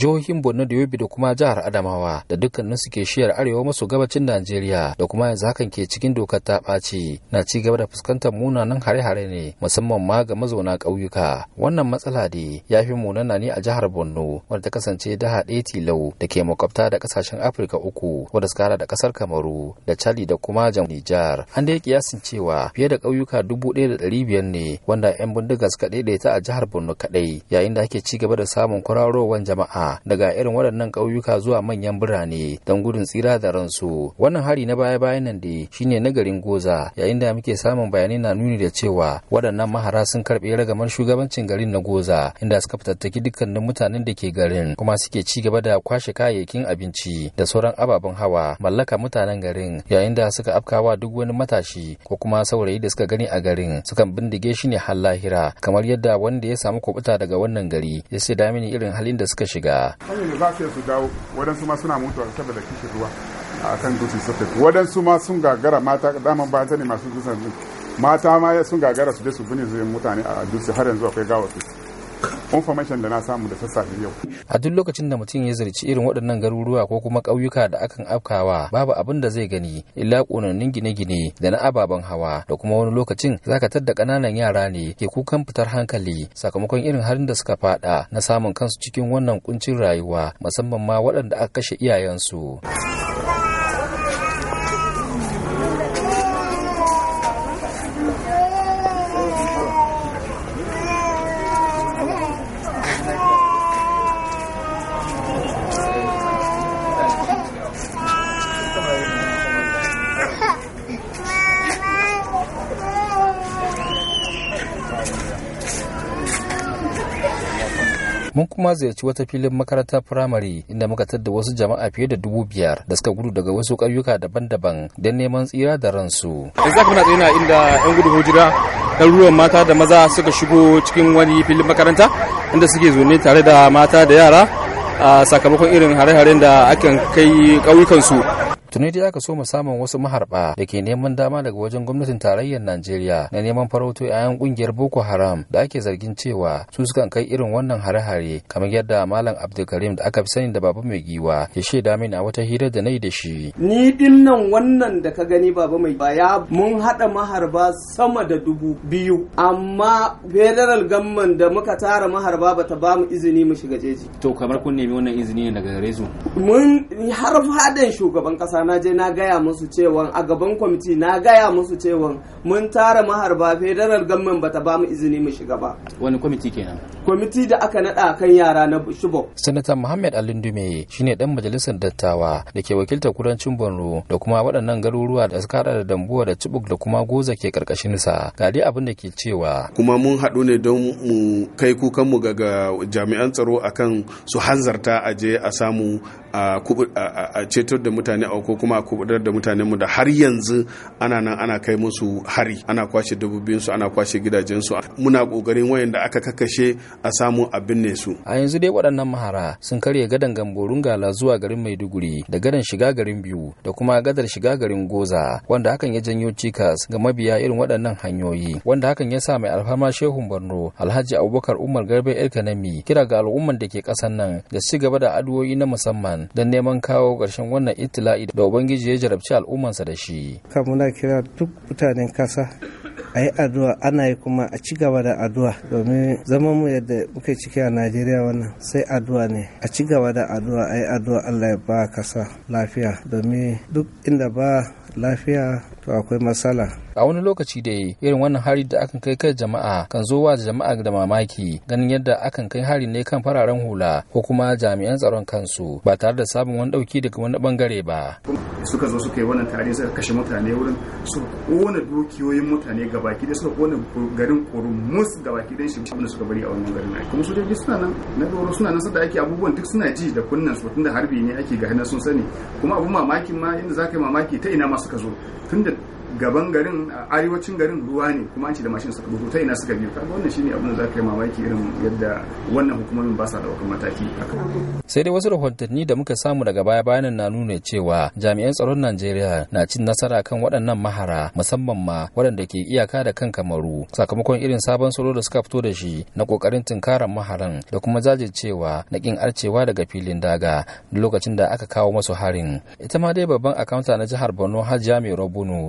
jihohin borno da yobe da kuma jihar adamawa da dukkanin su ke shiyar arewa maso gabacin najeriya da kuma yanzu hakan ke cikin dokar ta ɓaci na ci gaba da fuskantar munanan hare-hare ne musamman ma ga mazauna ƙauyuka wannan matsala ne ya fi munana ne a jihar borno wadda ta kasance da haɗe tilau da ke makwabta da ƙasashen afirka uku wadda suka da ƙasar kamaru da cali da kuma nijar an dai kiyasin cewa fiye da ƙauyuka dubu ɗaya da ɗari biyar ne wanda 'yan bindiga suka daidaita a jihar borno kaɗai yayin da ake ci gaba da samun kwararowar jama'a daga irin waɗannan ƙauyuka zuwa manyan birane don gudun tsira da ransu wannan hari na baya-bayan nan da shine na garin goza yayin da muke samun bayanai na nuni da cewa waɗannan mahara sun karɓe ragamar shugabancin garin na goza inda suka fitattaki dukkanin mutanen da ke garin kuma suke ci gaba da kwashe kayayyakin abinci da sauran ababen hawa mallaka mutanen garin yayin da suka afkawa duk wani matashi ko kuma saurayi da suka gani a garin sukan bindige shi ne har lahira kamar yadda wanda ya samu kubuta daga wannan gari ya sai damini irin halin da suka shiga Najeriya. Kan za su su dawo waɗansu ma suna mutuwa saboda kishin ruwa a kan dutsen sufet waɗansu ma sun gagara mata daman ba ta ne masu dutsen mata ma sun gagara su je su bini mutane a dutse har yanzu akwai gawa su. information da na samu da sassafe yau. A duk lokacin da mutum ya zarci irin waɗannan garuruwa ko kuma ƙauyuka da akan afkawa babu abin da zai gani illa ƙonannin gine-gine da na ababen hawa da kuma wani lokacin zaka tadda ƙananan yara ne ke kukan fitar hankali sakamakon irin halin da suka faɗa na samun kansu cikin wannan kuncin rayuwa musamman ma waɗanda aka kashe iyayensu. mun kuma ziyarci wata filin makaranta firamare inda muka tadda wasu jama'a fiye da dubu biyar da suka gudu daga wasu ƙauyuka daban-daban don neman tsira da ransu. yanzu ka muna tsaye inda 'yan gudu hujira ɗaruruwan mata da maza suka shigo cikin wani filin makaranta inda suke zaune tare da mata da yara a sakamakon irin hare-haren da akan kai ƙauyukansu tuni dai aka so mu samun wasu maharba da ke neman dama daga wajen gwamnatin tarayyar Najeriya na neman farauto yayan kungiyar Boko Haram da ake zargin cewa su sukan kai irin wannan hare-hare kamar yadda Malam Abdulkarim da aka fi sani da Baba Mai Giwa ya shaida mini a wata hira da nayi da shi. Ni din nan wannan da ka gani Baba Mai Baya mun hada maharba sama da dubu biyu amma federal gamman da muka tara maharba bata ba mu izini mu shiga jeji. To kamar kun nemi wannan izini ne daga gare Mun har fadan shugaban kasa matasa na je na gaya musu cewa a gaban kwamiti na gaya musu cewa mun tara maharba federal government bata ba mu izini mu shiga ba wani kwamiti kenan kwamiti da aka nada kan yara na shibok sanata muhammad alindume shine dan majalisar dattawa da ke wakiltar kudancin borno da kuma waɗannan garuruwa da suka da dambuwa da cibuk da kuma goza ke karkashin sa ga dai abin da ke cewa kuma mun haɗu ne don mu kai kukanmu ga jami'an tsaro akan su hanzarta aje a samu a cetar da mutane a ko kuma a kubutar da mutane mu da har yanzu ana nan ana kai musu hari ana kwashe su ana kwashe gidajensu muna kokarin wayanda aka kakkashe a samu abin ne su a yanzu dai waɗannan mahara sun karya gadan gamborun gala zuwa garin maiduguri da gadan shiga garin biyu da kuma gadar shiga garin goza wanda hakan ya janyo cikas ga mabiya irin waɗannan hanyoyi wanda hakan ya sa mai alfama shehun borno alhaji abubakar umar garbe el kira ga al'umman da ke ƙasar nan da su gaba da addu'o'i na musamman Sudan don neman kawo ƙarshen wannan itila'i da Ubangiji ya jarabci al'ummansa da shi. Kamuna kira duk mutanen kasa a yi addu'a ana yi kuma a ci gaba da addu'a domin zaman mu yadda muke ciki a najeriya wannan sai addu'a ne a ci gaba da addu'a a yi addu'a allah ya ba kasa lafiya domin duk inda ba lafiya to akwai matsala a wani lokaci dai irin wannan hari da akan kai kan jama'a kan zo wa jama'a da mamaki ganin yadda akan kai hari ne kan fararen hula ko kuma jami'an tsaron kansu ba tare da samun wani dauki daga wani bangare ba suka zo suka yi wannan tare suka kashe mutane wurin su kona dukiyoyin mutane gabaki da suka kona garin kurmus gabaki da shi da suka bari a wannan garin ai kuma dai suna nan na doro suna nan sada ake abubuwan duk suna ji da kunnan su tunda harbi ne ake ga hannun sun sani kuma abu mamakin ma inda zaka yi mamaki ta ina ma suka zo tunda gaban garin a arewacin garin ruwa ne kuma an ci da mashin suka bugu ta suka biyu kaga wannan shine abin da za ka yi mamaki irin yadda wannan hukumomin ba sa da daukan mataki sai dai wasu rahotanni da muka samu daga baya bayanan na nuna cewa jami'an tsaron Najeriya na cin nasara kan waɗannan mahara musamman ma waɗanda ke iyaka da kan Kamaru sakamakon irin sabon solo da suka fito da shi na kokarin tunkaran maharan da kuma jajircewa na kin arcewa daga filin daga lokacin da aka kawo masu harin ita ma dai babban akawunta na jihar Borno Hajiya Mai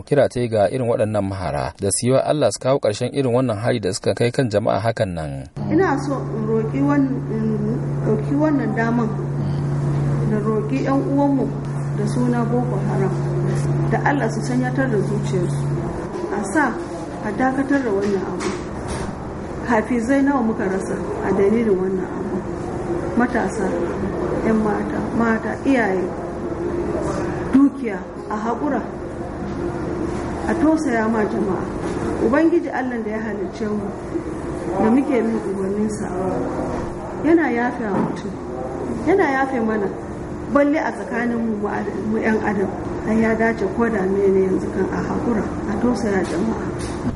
kira ta sai ga irin waɗannan mahara da su wa Allah su kawo ƙarshen irin wannan hari da suka kai kan jama'a hakan nan. Ina so in roƙi wannan daman da roƙi 'yan uwanmu da suna Boko Haram da Allah su sanyatar da zuciyarsu a sa a dakatar da wannan abu. Hafizai nawa muka rasa a dalilin wannan abu. Matasa, 'yan mata, mata, iyaye, dukiya a haƙura a tausaya ma jama'a ubangiji allah da ya halicce mu da muke bin ubanninsa yana yafe mutum yana yafe mana balle a tsakanin mu 'yan adam har ya dace ko da mene yanzu kan a haƙura a tausaya jama'a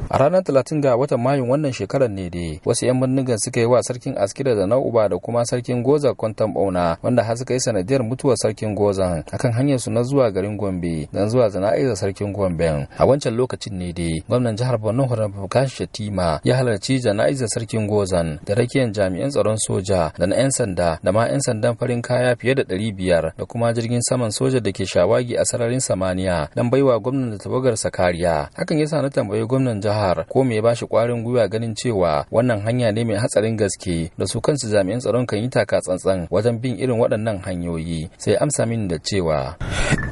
a ranar talatin ga watan mayun wannan shekarar ne dai wasu 'yan birnin suka yi wa sarkin askira da na'uba da kuma sarkin goza kwantan bauna wanda har suka yi sanadiyar mutuwar sarkin gozan akan hanyar su na zuwa garin gombe dan zuwa zana'izar sarkin gombe a wancan lokacin ne dai gwamnan jihar borno horon bukashi shatima ya halarci jana'izar sarkin gozan da rakiyar jami'an tsaron soja da na 'yan sanda da ma 'yan sandan farin kaya fiye da ɗari biyar da kuma jirgin saman soja da ke shawagi a sararin samaniya don baiwa gwamnan da tawagarsa kariya hakan yasa na tambayi gwamnan jihar ko me ya bashi kwarin gwiwa ganin cewa wannan hanya ne mai hatsarin gaske da su kansu jami'an tsaron kan yi taka tsantsan wajen bin irin waɗannan hanyoyi sai amsa min da cewa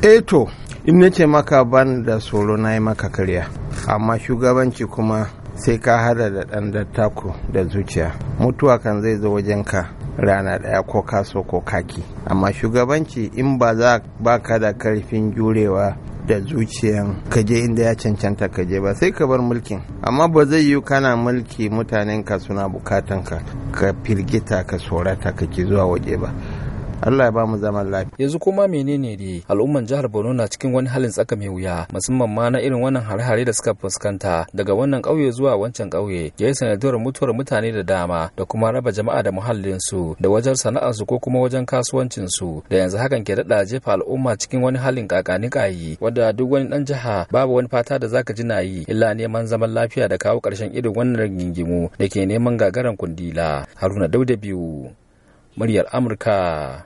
eto eh to in nace maka ban da tsoro na yi maka karya amma shugabanci kuma sai ka hada da ɗan dattako da zuciya mutuwa kan zai zo wajen ka rana ɗaya ko kaso ko kaki amma shugabanci in ba za ba ka da karfin jurewa da zuciyan je inda ya cancanta kaje ba sai ka bar mulkin amma ba zai yi kana mulki mutanen ka suna bukatan ka ka firgita ka sorata kake zuwa waje ba Allah ya ba mu zaman lafiya yanzu kuma menene ne al'umman jihar Borno na cikin wani halin tsaka mai wuya musamman ma na irin wannan hare-hare da suka fuskanta daga wannan ƙauye zuwa wancan ƙauye ya yi sanadiyar mutuwar mutane da dama da kuma raba jama'a da muhallinsu da wajen sana'arsu ko kuma wajen kasuwancinsu da yanzu hakan ke daɗa jefa al'umma cikin wani halin kakani kayi wanda duk wani ɗan jiha babu wani fata da zaka ji na yi illa neman zaman lafiya da kawo ƙarshen irin wannan gingimu da ke neman gagaran kundila haruna dauda biyu muryar amurka